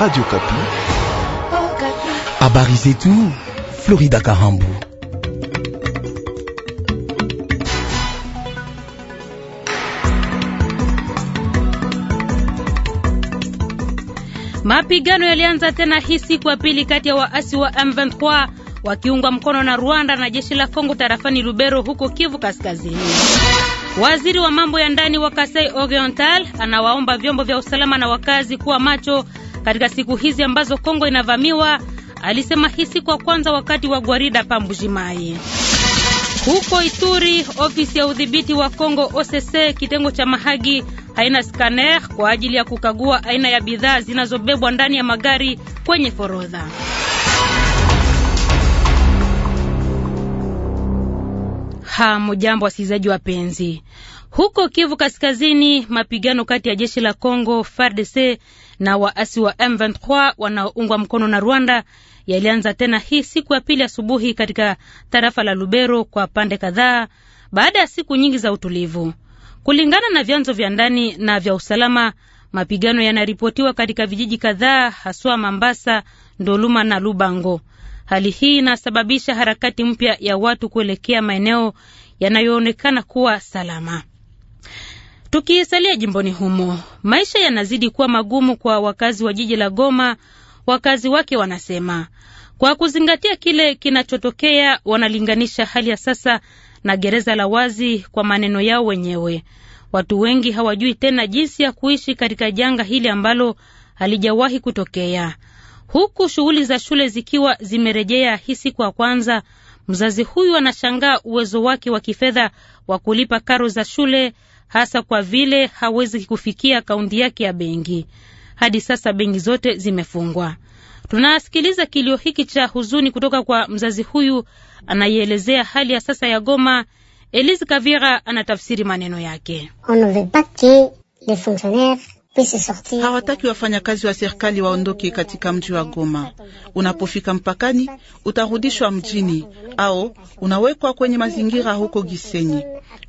Radio oh, Kapi. Habari zetu Florida Kahambu. Mapigano yalianza tena hii siku ya pili kati ya waasi wa M23 wakiungwa mkono na Rwanda na jeshi la Kongo tarafani Lubero huko Kivu Kaskazini. Waziri wa mambo ya ndani wa Kasai Oriental anawaomba vyombo vya usalama na wakazi kuwa macho katika siku hizi ambazo Kongo inavamiwa, alisema hii siku ya kwanza wakati wa gwarida pa Huko Ituri, ofisi ya udhibiti wa Kongo OCC kitengo cha Mahagi haina scanner kwa ajili ya kukagua aina ya bidhaa zinazobebwa ndani ya magari kwenye forodha. Hamujambo wasikilizaji wapenzi. Huko Kivu Kaskazini, mapigano kati ya jeshi la Kongo FARDC na waasi wa M23 wanaoungwa mkono na Rwanda yalianza tena hii siku ya pili asubuhi katika tarafa la Lubero kwa pande kadhaa baada ya siku nyingi za utulivu. Kulingana na vyanzo vya ndani na vya usalama, mapigano yanaripotiwa katika vijiji kadhaa, haswa Mambasa, Ndoluma na Lubango. Hali hii inasababisha harakati mpya ya watu kuelekea maeneo yanayoonekana kuwa salama. Tukiisalia jimboni humo, maisha yanazidi kuwa magumu kwa wakazi wa jiji la Goma. Wakazi wake wanasema kwa kuzingatia kile kinachotokea, wanalinganisha hali ya sasa na gereza la wazi. Kwa maneno yao wenyewe, watu wengi hawajui tena jinsi ya kuishi katika janga hili ambalo halijawahi kutokea, huku shughuli za shule zikiwa zimerejea hii siku ya kwanza. Mzazi huyu anashangaa uwezo wake wa kifedha wa kulipa karo za shule hasa kwa vile hawezi kufikia kaundi yake ya benki. Hadi sasa benki zote zimefungwa. Tunasikiliza kilio hiki cha huzuni kutoka kwa mzazi huyu anayeelezea hali ya sasa ya Goma. Elise Kavira anatafsiri maneno yake. Hawataki wafanyakazi wa serikali waondoke katika mji wa Goma. Unapofika mpakani, utarudishwa mjini au unawekwa kwenye mazingira huko Gisenyi.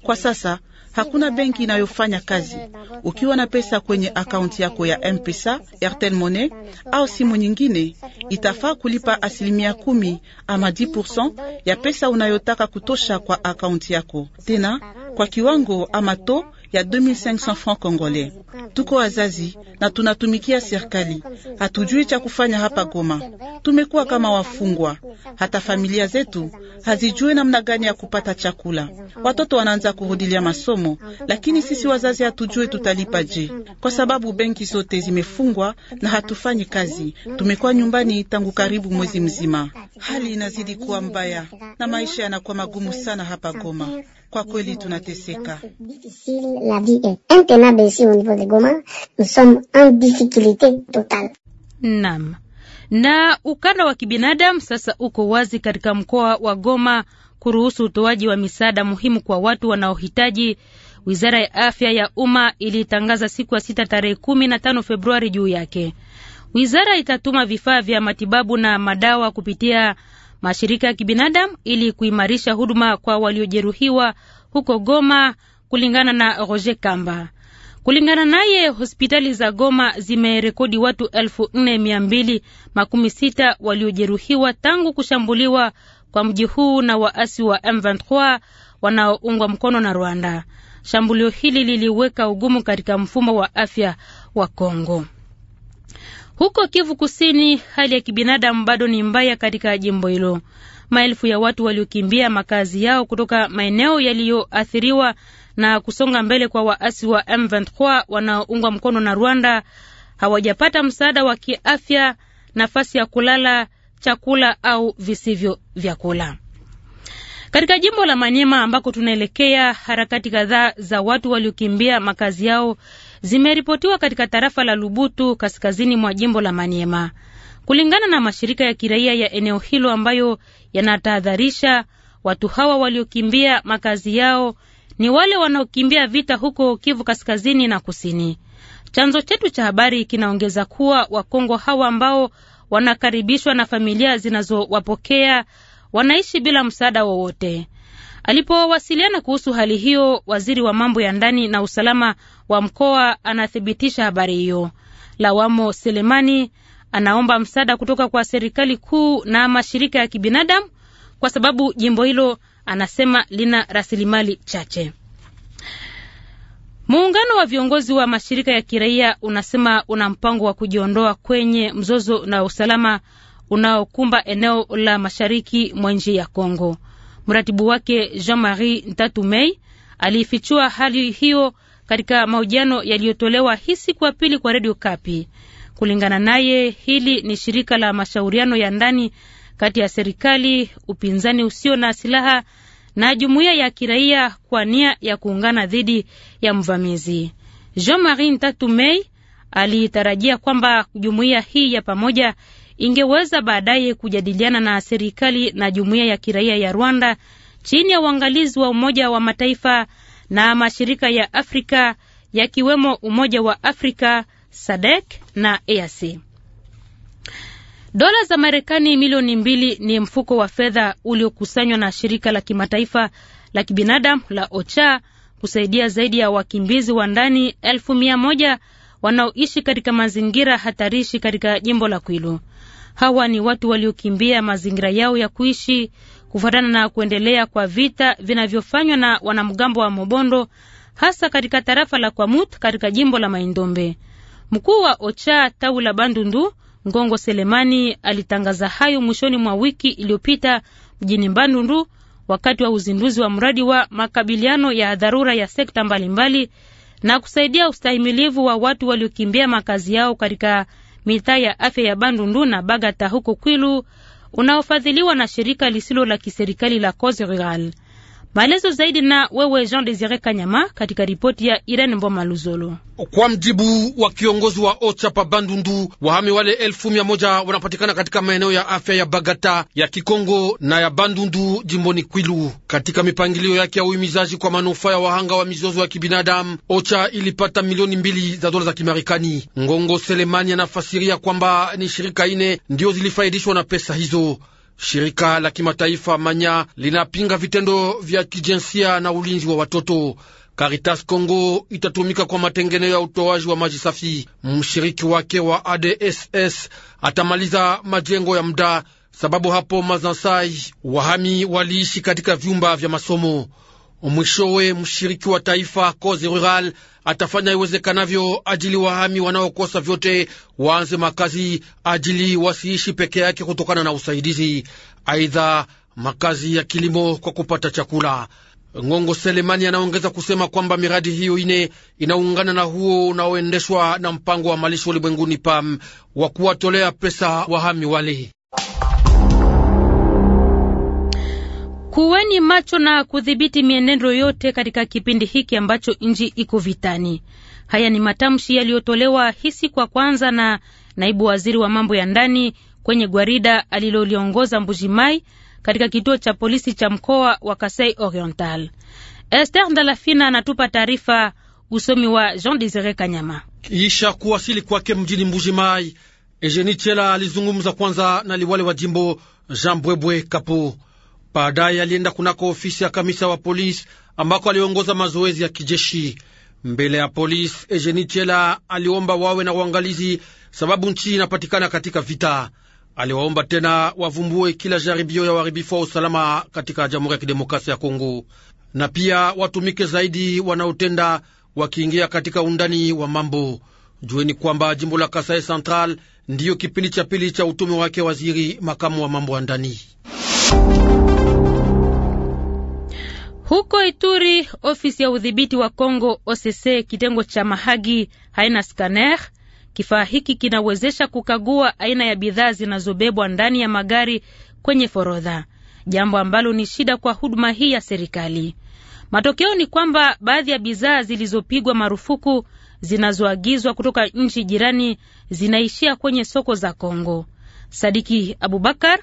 Kwa sasa Hakuna benki inayofanya kazi. Ukiwa na pesa kwenye akaunti yako ya Mpesa, pesa Airtel Money au simu nyingine, itafaa kulipa asilimia kumi ama 10% ya pesa unayotaka kutosha kwa akaunti yako, tena kwa kiwango ama to ya 2500 francs congolais. Tuko wazazi na tunatumikia serikali, hatujui cha kufanya hapa Goma. Tumekuwa kama wafungwa, hata familia zetu hazijui namna gani ya kupata chakula. Watoto wanaanza kurudilia masomo, lakini sisi wazazi hatujui tutalipa je, kwa sababu benki zote zimefungwa na hatufanyi kazi. Tumekuwa nyumbani tangu karibu mwezi mzima. Hali inazidi kuwa mbaya na maisha yanakuwa magumu sana hapa Goma. Kwa kweli tunateseka. Naam, na ukanda wa kibinadamu sasa uko wazi katika mkoa wa Goma kuruhusu utoaji wa misaada muhimu kwa watu wanaohitaji. Wizara ya afya ya umma ilitangaza siku ya sita tarehe kumi na tano Februari juu yake. Wizara itatuma vifaa vya matibabu na madawa kupitia mashirika ya kibinadamu ili kuimarisha huduma kwa waliojeruhiwa huko Goma, kulingana na Roger Kamba. Kulingana naye, hospitali za Goma zimerekodi watu elfu nne mia mbili makumi sita waliojeruhiwa tangu kushambuliwa kwa mji huu na waasi wa M23 wanaoungwa mkono na Rwanda. Shambulio hili liliweka ugumu katika mfumo wa afya wa Kongo. Huko Kivu Kusini, hali ya kibinadamu bado ni mbaya katika jimbo hilo. Maelfu ya watu waliokimbia makazi yao kutoka maeneo yaliyoathiriwa na kusonga mbele kwa waasi wa M23 wanaoungwa mkono na Rwanda hawajapata msaada wa kiafya, nafasi ya kulala, chakula au visivyo vyakula. Katika jimbo la Manyema ambako tunaelekea, harakati kadhaa za watu waliokimbia makazi yao zimeripotiwa katika tarafa la Lubutu kaskazini mwa jimbo la Maniema, kulingana na mashirika ya kiraia ya eneo hilo ambayo yanatahadharisha. Watu hawa waliokimbia makazi yao ni wale wanaokimbia vita huko Kivu kaskazini na kusini. Chanzo chetu cha habari kinaongeza kuwa Wakongo hawa ambao wanakaribishwa na familia zinazowapokea wanaishi bila msaada wowote. Alipowasiliana kuhusu hali hiyo, waziri wa mambo ya ndani na usalama wa mkoa anathibitisha habari hiyo. Lawamo Selemani anaomba msaada kutoka kwa serikali kuu na mashirika ya kibinadamu kwa sababu jimbo hilo anasema lina rasilimali chache. Muungano wa viongozi wa mashirika ya kiraia unasema una mpango wa kujiondoa kwenye mzozo na usalama unaokumba eneo la mashariki mwa nchi ya Kongo. Mratibu wake Jean-Marie Ntatu Mei aliifichua hali hiyo katika mahojiano yaliyotolewa hii siku ya pili kwa redio Kapi. Kulingana naye, hili ni shirika la mashauriano ya ndani kati ya serikali, upinzani usio na silaha na jumuiya ya kiraia kwa nia ya kuungana dhidi ya mvamizi. Jean-Marie Ntatu Mei alitarajia kwamba jumuiya hii ya pamoja ingeweza baadaye kujadiliana na serikali na jumuiya ya kiraia ya Rwanda chini ya uangalizi wa Umoja wa Mataifa na mashirika ya Afrika yakiwemo Umoja wa Afrika, SADC na EAC. Dola za Marekani milioni mbili ni mfuko wa fedha uliokusanywa na shirika la kimataifa la kibinadamu la OCHA kusaidia zaidi ya wakimbizi wa ndani elfu mia moja wanaoishi katika mazingira hatarishi katika jimbo la Kwilu. Hawa ni watu waliokimbia mazingira yao ya kuishi kufuatana na kuendelea kwa vita vinavyofanywa na wanamgambo wa Mobondo, hasa katika tarafa la Kwamut katika jimbo la Maindombe. Mkuu wa OCHA tawi la Bandundu Ngongo Selemani alitangaza hayo mwishoni mwa wiki iliyopita mjini Bandundu wakati wa uzinduzi wa mradi wa makabiliano ya dharura ya sekta mbalimbali mbali, na kusaidia ustahimilivu wa watu waliokimbia makazi yao katika mitaa ya afya ya Bandundu na Bagata huko Kwilu unaofadhiliwa na shirika lisilo la kiserikali la Cause Rurale. Maelezo zaidi na wewe Jean Desire Kanyama katika ripoti ya Irene Mboma Luzolo. Kwa mjibu wa kiongozi wa OCHA pa Bandundu, wahami wale elfu mia moja wanapatikana katika maeneo ya afya ya Bagata, ya Kikongo na ya Bandundu jimboni Kwilu. Katika mipangilio yake ya uhimizaji kwa manufaa ya wahanga wa mizozo ya kibinadamu, OCHA ilipata milioni mbili za dola za Kimarekani. Ngongo Selemani anafasiria kwamba ni shirika ine ndio zilifaidishwa na pesa hizo. Shirika la kimataifa Manya linapinga vitendo vya kijinsia na ulinzi wa watoto. Caritas Congo itatumika kwa matengenezo ya utoaji wa maji safi. Mshiriki wake wa ADSS atamaliza majengo ya muda, sababu hapo Mazansai wahami waliishi katika vyumba vya masomo. Mwishowe, mshiriki wa taifa Kozi Rural atafanya iwezekanavyo ajili wahami wanaokosa vyote waanze makazi, ajili wasiishi peke yake kutokana na usaidizi. Aidha, makazi ya kilimo kwa kupata chakula. Ngongo Selemani anaongeza kusema kwamba miradi hiyo ine inaungana na huo unaoendeshwa na mpango wa malisho ulimwenguni PAM wa kuwatolea pesa wahami wale. Kuweni macho na kudhibiti mienendo yote katika kipindi hiki ambacho nchi iko vitani. Haya ni matamshi yaliyotolewa hisi kwa kwanza na naibu waziri wa mambo ya ndani kwenye gwarida aliloliongoza Mbujimai katika kituo cha polisi cha mkoa wa Kasai Oriental. Esther Ndalafina anatupa taarifa, usomi wa Jean Desire Kanyama. Kisha kuwasili kwake mjini mai Ejeni Chela alizungumza kwanza na liwale wa jimbo Jean Bwebwe Kapo. Baadaye alienda kunako ofisi ya kamisa wa polisi ambako aliongoza mazoezi ya kijeshi mbele ya polisi. Ejeni Chela aliomba wawe na uangalizi, sababu nchi inapatikana katika vita. Aliwaomba tena wavumbue kila jaribio ya uharibifu wa usalama katika Jamhuri ya Kidemokrasia ya Kongo, na pia watumike zaidi wanaotenda wakiingia katika undani wa mambo. Jueni kwamba jimbo la Kasai Central ndiyo kipindi cha pili cha utumi wake waziri makamu wa mambo ya ndani. Huko Ituri, ofisi ya udhibiti wa Kongo OCC kitengo cha Mahagi haina skaner. Kifaa hiki kinawezesha kukagua aina ya bidhaa zinazobebwa ndani ya magari kwenye forodha, jambo ambalo ni shida kwa huduma hii ya serikali. Matokeo ni kwamba baadhi ya bidhaa zilizopigwa marufuku zinazoagizwa kutoka nchi jirani zinaishia kwenye soko za Kongo. Sadiki Abubakar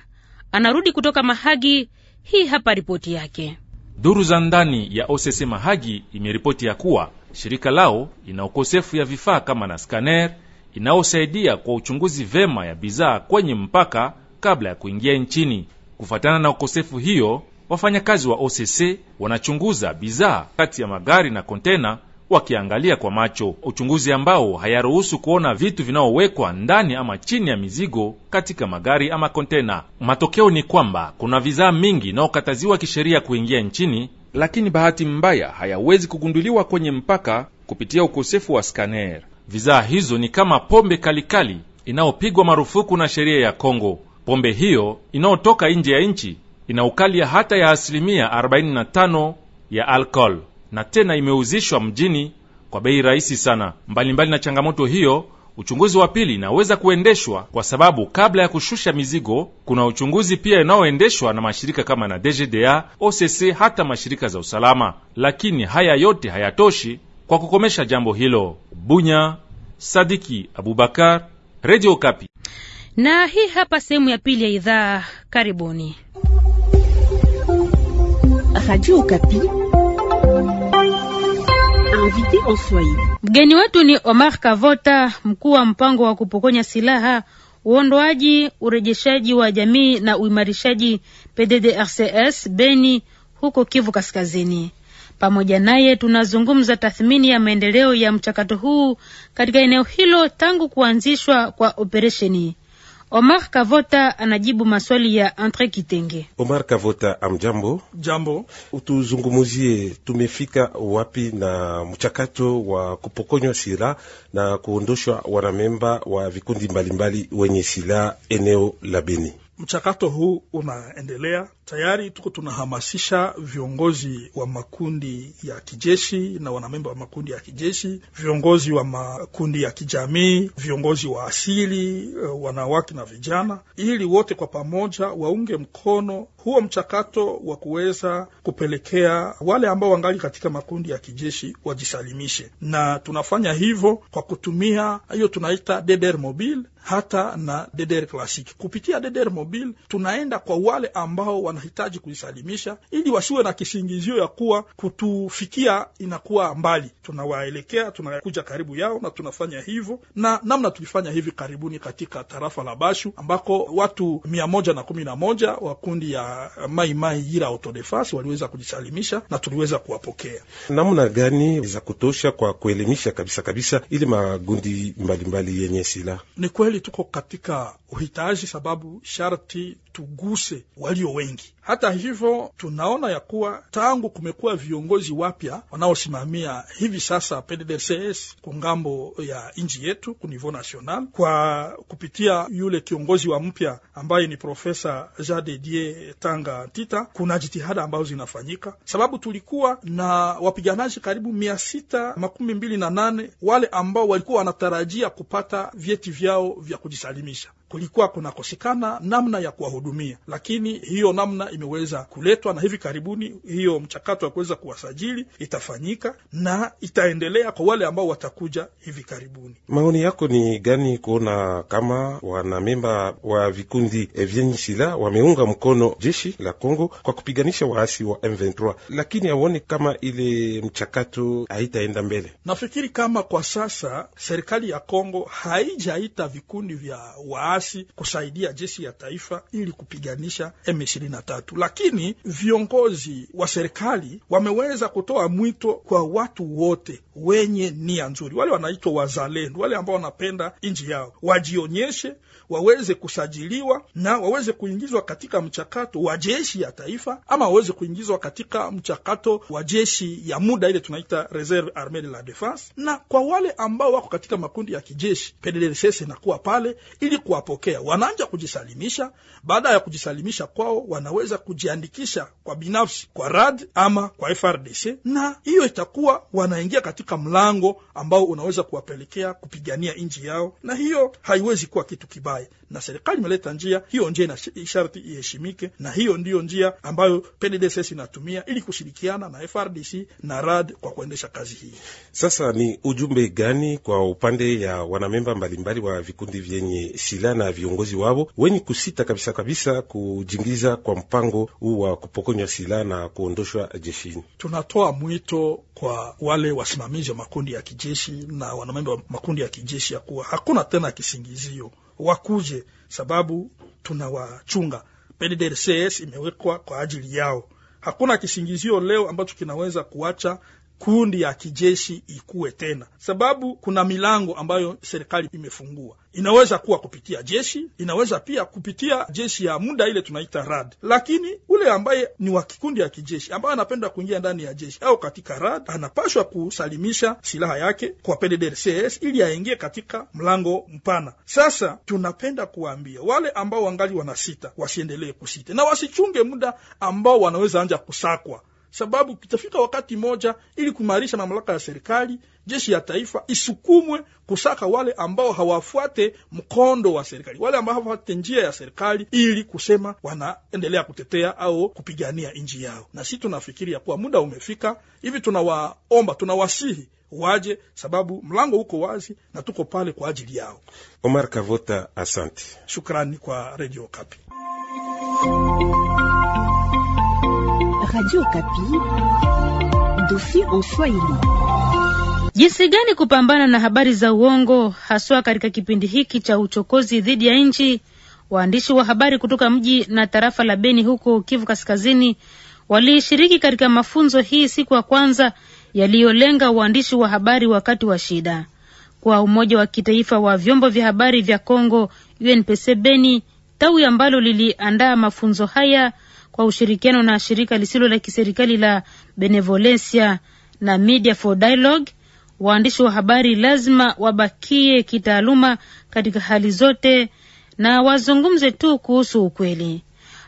anarudi kutoka Mahagi. Hii hapa ripoti yake. Duru za ndani ya OCC Mahagi imeripoti ya kuwa shirika lao ina ukosefu ya vifaa kama na skaner inayosaidia kwa uchunguzi vema ya bidhaa kwenye mpaka kabla ya kuingia nchini. Kufuatana na ukosefu hiyo, wafanyakazi wa OCC wanachunguza bidhaa kati ya magari na kontena wakiangalia kwa macho, uchunguzi ambao hayaruhusu kuona vitu vinaowekwa ndani ama chini ya mizigo katika magari ama kontena. Matokeo ni kwamba kuna vizaa mingi inaokataziwa kisheria kuingia nchini, lakini bahati mbaya hayawezi kugunduliwa kwenye mpaka kupitia ukosefu wa skaner. Vizaa hizo ni kama pombe kalikali inayopigwa marufuku na sheria ya Kongo. Pombe hiyo inayotoka nje ya nchi ina ukali hata ya asilimia 45 ya alkohol na tena imeuzishwa mjini kwa bei rahisi sana. Mbalimbali mbali na changamoto hiyo, uchunguzi wa pili inaweza kuendeshwa kwa sababu kabla ya kushusha mizigo, kuna uchunguzi pia inayoendeshwa na mashirika kama na DGDA, OCC, hata mashirika za usalama. Lakini haya yote hayatoshi kwa kukomesha jambo hilo. Bunya, Sadiki Abubakar, Radio Kapi. Na hii hapa sehemu ya pili ya idhaa. Karibuni Radio Kapi invité en Swahili. Mgeni wetu ni Omar Kavota, mkuu wa mpango wa kupokonya silaha, uondoaji, urejeshaji wa jamii na uimarishaji PDDRCS Beni huko Kivu Kaskazini. Pamoja naye tunazungumza tathmini ya maendeleo ya mchakato huu katika eneo hilo tangu kuanzishwa kwa operesheni. Omar Kavota anajibu maswali ya Andre Kitenge. Omar Kavota, amjambo. Jambo. Utuzungumuzie, tumefika wapi na mchakato wa kupokonywa silaha na kuondoshwa wanamemba wa vikundi mbalimbali wenye silaha eneo la Beni? Mchakato huu unaendelea tayari, tuko tunahamasisha viongozi wa makundi ya kijeshi na wanamemba wa makundi ya kijeshi, viongozi wa makundi ya kijamii, viongozi wa asili, eh, wanawake na vijana, ili wote kwa pamoja waunge mkono huo mchakato wa kuweza kupelekea wale ambao wangali katika makundi ya kijeshi wajisalimishe, na tunafanya hivyo kwa kutumia hiyo tunaita DDR mobile hata na DDR classic. Kupitia DDR mobile tunaenda kwa wale ambao wanahitaji kujisalimisha, ili wasiwe na kisingizio ya kuwa kutufikia inakuwa mbali. Tunawaelekea, tunakuja karibu yao, na tunafanya hivyo na namna tulifanya hivi karibuni katika tarafa la Bashu ambako watu mia moja na kumi na moja wa kundi ya Mai Mai Yira Autodefense waliweza kujisalimisha na tuliweza kuwapokea. Namna gani za kutosha kwa kuelimisha kabisa kabisa ili magundi mbalimbali yenye sila Ni kweli tuko katika uhitaji, sababu sharti tuguse walio wengi hata hivyo, tunaona ya kuwa tangu kumekuwa viongozi wapya wanaosimamia hivi sasa PDDCS kwa ngambo ya nchi yetu ku niveau national, kwa kupitia yule kiongozi wa mpya ambaye ni Profesa Jean de Tanga Tita, kuna jitihada ambazo zinafanyika, sababu tulikuwa na wapiganaji karibu mia sita makumi mbili na nane wale ambao walikuwa wanatarajia kupata vyeti vyao vya kujisalimisha kulikuwa kunakosekana namna ya kuwahudumia, lakini hiyo namna imeweza kuletwa, na hivi karibuni hiyo mchakato wa kuweza kuwasajili itafanyika na itaendelea kwa wale ambao watakuja hivi karibuni. Maoni yako ni gani kuona kama wanamemba wa vikundi vyenye silaha wameunga mkono jeshi la Kongo kwa kupiganisha waasi wa M23, lakini awone kama ile mchakato haitaenda mbele? Nafikiri kama kwa sasa serikali ya Kongo haijaita vikundi vya waasi risasi kusaidia jeshi ya taifa ili kupiganisha M23, lakini viongozi wa serikali wameweza kutoa mwito kwa watu wote wenye nia nzuri, wale wanaitwa wazalendo, wale ambao wanapenda nchi yao, wajionyeshe, waweze kusajiliwa na waweze kuingizwa katika mchakato wa jeshi ya taifa, ama waweze kuingizwa katika mchakato wa jeshi ya muda, ile tunaita reserve armee de la defense. Na kwa wale ambao wako katika makundi ya kijeshi, PDDRCS inakuwa pale ili kuwapokea, wanaanja kujisalimisha. Baada ya kujisalimisha kwao, wanaweza kujiandikisha kwa binafsi kwa RAD ama kwa FRDC, na hiyo itakuwa wanaingia katika katika mlango ambao unaweza kuwapelekea kupigania nchi yao, na hiyo haiwezi kuwa kitu kibaya, na serikali imeleta njia hiyo. Njia ina sharti iheshimike, na hiyo ndiyo njia ambayo PDDSS inatumia ili kushirikiana na FRDC na RAD kwa kuendesha kazi hii. Sasa ni ujumbe gani kwa upande ya wanamemba mbalimbali wa vikundi vyenye silaha na viongozi wao wenye kusita kabisa kabisa kujingiza kwa mpango huu wa kupokonywa silaha na kuondoshwa jeshini? Tunatoa mwito kwa wale wasimamizi wasimamizi wa makundi ya kijeshi na wanamemba wa makundi ya kijeshi ya kuwa hakuna tena kisingizio wakuje, sababu tunawachunga. PDDRCS imewekwa kwa ajili yao. Hakuna kisingizio leo ambacho kinaweza kuacha kundi ya kijeshi ikuwe tena, sababu kuna milango ambayo serikali imefungua. Inaweza kuwa kupitia jeshi, inaweza pia kupitia jeshi ya muda ile tunaita rad, lakini ule ambaye ni wa kikundi ya kijeshi ambaye anapenda kuingia ndani ya jeshi au katika rad, anapashwa kusalimisha silaha yake kwa PDDRCS ili aingie katika mlango mpana. Sasa tunapenda kuwaambia wale ambao wangali wanasita wasiendelee kusita na wasichunge muda ambao wanaweza anja kusakwa sababu kitafika wakati moja, ili kuimarisha mamlaka ya serikali, jeshi ya taifa isukumwe kusaka wale ambao hawafuate mkondo wa serikali, wale ambao hawafuate njia ya serikali, ili kusema wanaendelea kutetea au kupigania nchi yao. Na si tunafikiri ya kuwa muda umefika hivi, tunawaomba tunawasihi waje, sababu mlango uko wazi na tuko pale kwa ajili yao. Omar Kavota, asante, shukrani kwa Radio Kapi. Radio Kapi. Dosi en Swahili. Jinsi gani kupambana na habari za uongo haswa katika kipindi hiki cha uchokozi dhidi ya nchi? Waandishi wa habari kutoka mji na tarafa la Beni huko Kivu Kaskazini walishiriki katika mafunzo hii siku ya kwanza yaliyolenga waandishi wa habari wakati wa shida. Kwa Umoja wa Kitaifa wa Vyombo vya Habari vya Kongo, UNPC Beni, tawi ambalo liliandaa mafunzo haya, kwa ushirikiano na shirika lisilo la kiserikali la Benevolencia na Media for Dialogue. Waandishi wa habari lazima wabakie kitaaluma katika hali zote na wazungumze tu kuhusu ukweli.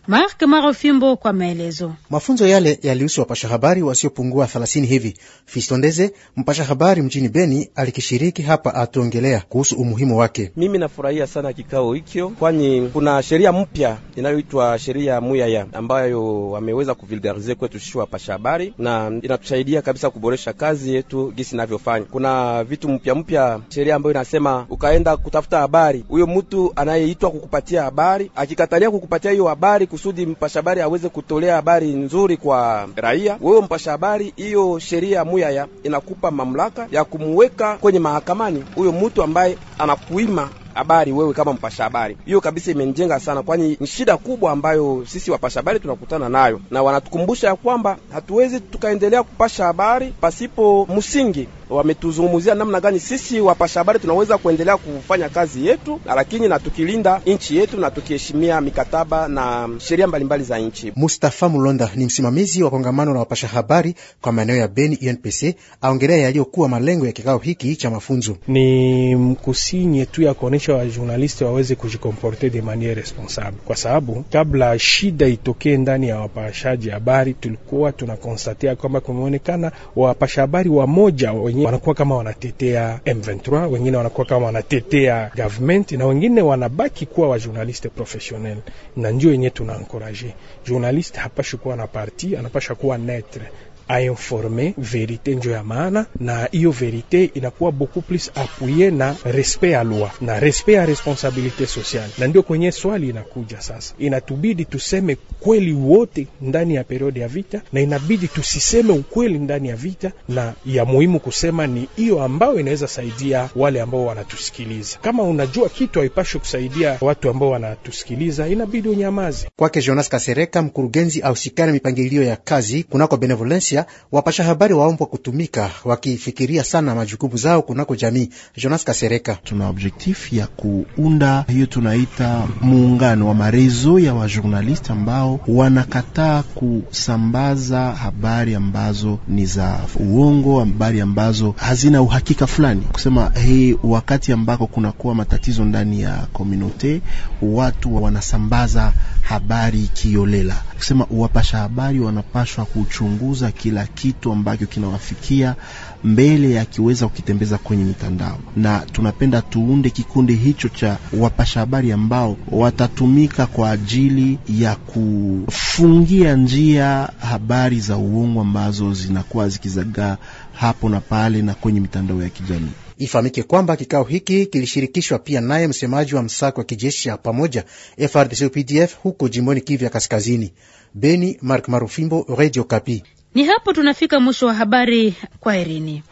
Mark Marofimbo kwa maelezo. Mafunzo yale yalihusu wapasha habari wasiopungua 30 hivi. Fistondeze, mpasha habari mjini Beni, alikishiriki hapa, atuongelea kuhusu umuhimu wake. Mimi nafurahia sana kikao hikyo, kwani kuna sheria mpya inayoitwa sheria Muyaya ambayo wameweza kuvulgarize kwetu sisi wapasha habari, na inatusaidia kabisa kuboresha kazi yetu gisi inavyofanya. Kuna vitu mpya mpya, sheria ambayo inasema ukaenda kutafuta habari, huyo mtu anayeitwa kukupatia habari akikatalia kukupatia hiyo habari kusudi mpasha habari aweze kutolea habari nzuri kwa raia. Wewe mpasha habari, hiyo sheria Muyaya inakupa mamlaka ya kumweka kwenye mahakamani huyo mtu ambaye anakuima habari, wewe kama mpasha habari. Hiyo kabisa imenijenga sana, kwani ni shida kubwa ambayo sisi wapasha habari tunakutana nayo, na wanatukumbusha ya kwamba hatuwezi tukaendelea kupasha habari pasipo msingi. Wametuzungumzia namna gani sisi wapasha habari tunaweza kuendelea kufanya kazi yetu, lakini na tukilinda nchi yetu na tukiheshimia mikataba na sheria mbalimbali za nchi. Mustafa Mulonda ni msimamizi wa kongamano la wapasha habari kwa maeneo ya Beni UNPC, aongelea yaliyokuwa malengo ya kikao hiki cha mafunzo. Ni mkusinye tu ya kuonesha wananchi wa journaliste waweze kujikomporte de maniere responsable, kwa sababu kabla shida itokee ndani ya wapashaji habari, tulikuwa tunakonstatia kwamba kumeonekana wapasha habari wamoja wenyewe wanakuwa kama wanatetea M23, wengine wanakuwa kama wanatetea government, na wengine wanabaki kuwa wa journaliste professionnel, na ndio yenyewe tuna encourage journaliste hapashi kuwa na parti, anapasha kuwa netre ainforme verite njo ya maana, na hiyo verite inakuwa beaucoup plus apuye na respect ya loi na respect ya responsabilite sociale, na ndio kwenye swali inakuja sasa. Inatubidi tuseme kweli wote ndani ya periode ya vita, na inabidi tusiseme ukweli ndani ya vita, na ya muhimu kusema ni hiyo ambayo inaweza saidia wale ambao wanatusikiliza. Kama unajua kitu haipashe kusaidia watu ambao wanatusikiliza, inabidi unyamaze. Kwake Jonas Kasereka, mkurugenzi ausikana mipangilio ya kazi kunako benevolence Russia, wapasha habari waombwa kutumika wakifikiria sana majukumu zao kunako jamii. Jonas Kasereka: tuna objektif ya kuunda hiyo tunaita muungano wa marezo ya wajournalisti ambao wanakataa kusambaza habari ambazo ni za uongo, habari ambazo hazina uhakika fulani. Kusema hii wakati ambako kunakuwa matatizo ndani ya komunote, watu wanasambaza habari kiolela Kusema wapasha habari wanapashwa kuchunguza kila kitu ambacho kinawafikia mbele kiweza kukitembeza kwenye mitandao, na tunapenda tuunde kikundi hicho cha wapasha habari ambao watatumika kwa ajili ya kufungia njia habari za uongo ambazo zinakuwa zikizagaa hapo na pale na kwenye mitandao ya kijamii. Ifahamike kwamba kikao hiki kilishirikishwa pia naye msemaji wa msako wa kijeshi ya pamoja FRDC UPDF huko jimboni Kivu ya Kaskazini, Beni, Mark Marufimbo, Radio Kapi. Ni hapo tunafika mwisho wa habari. Kwaherini.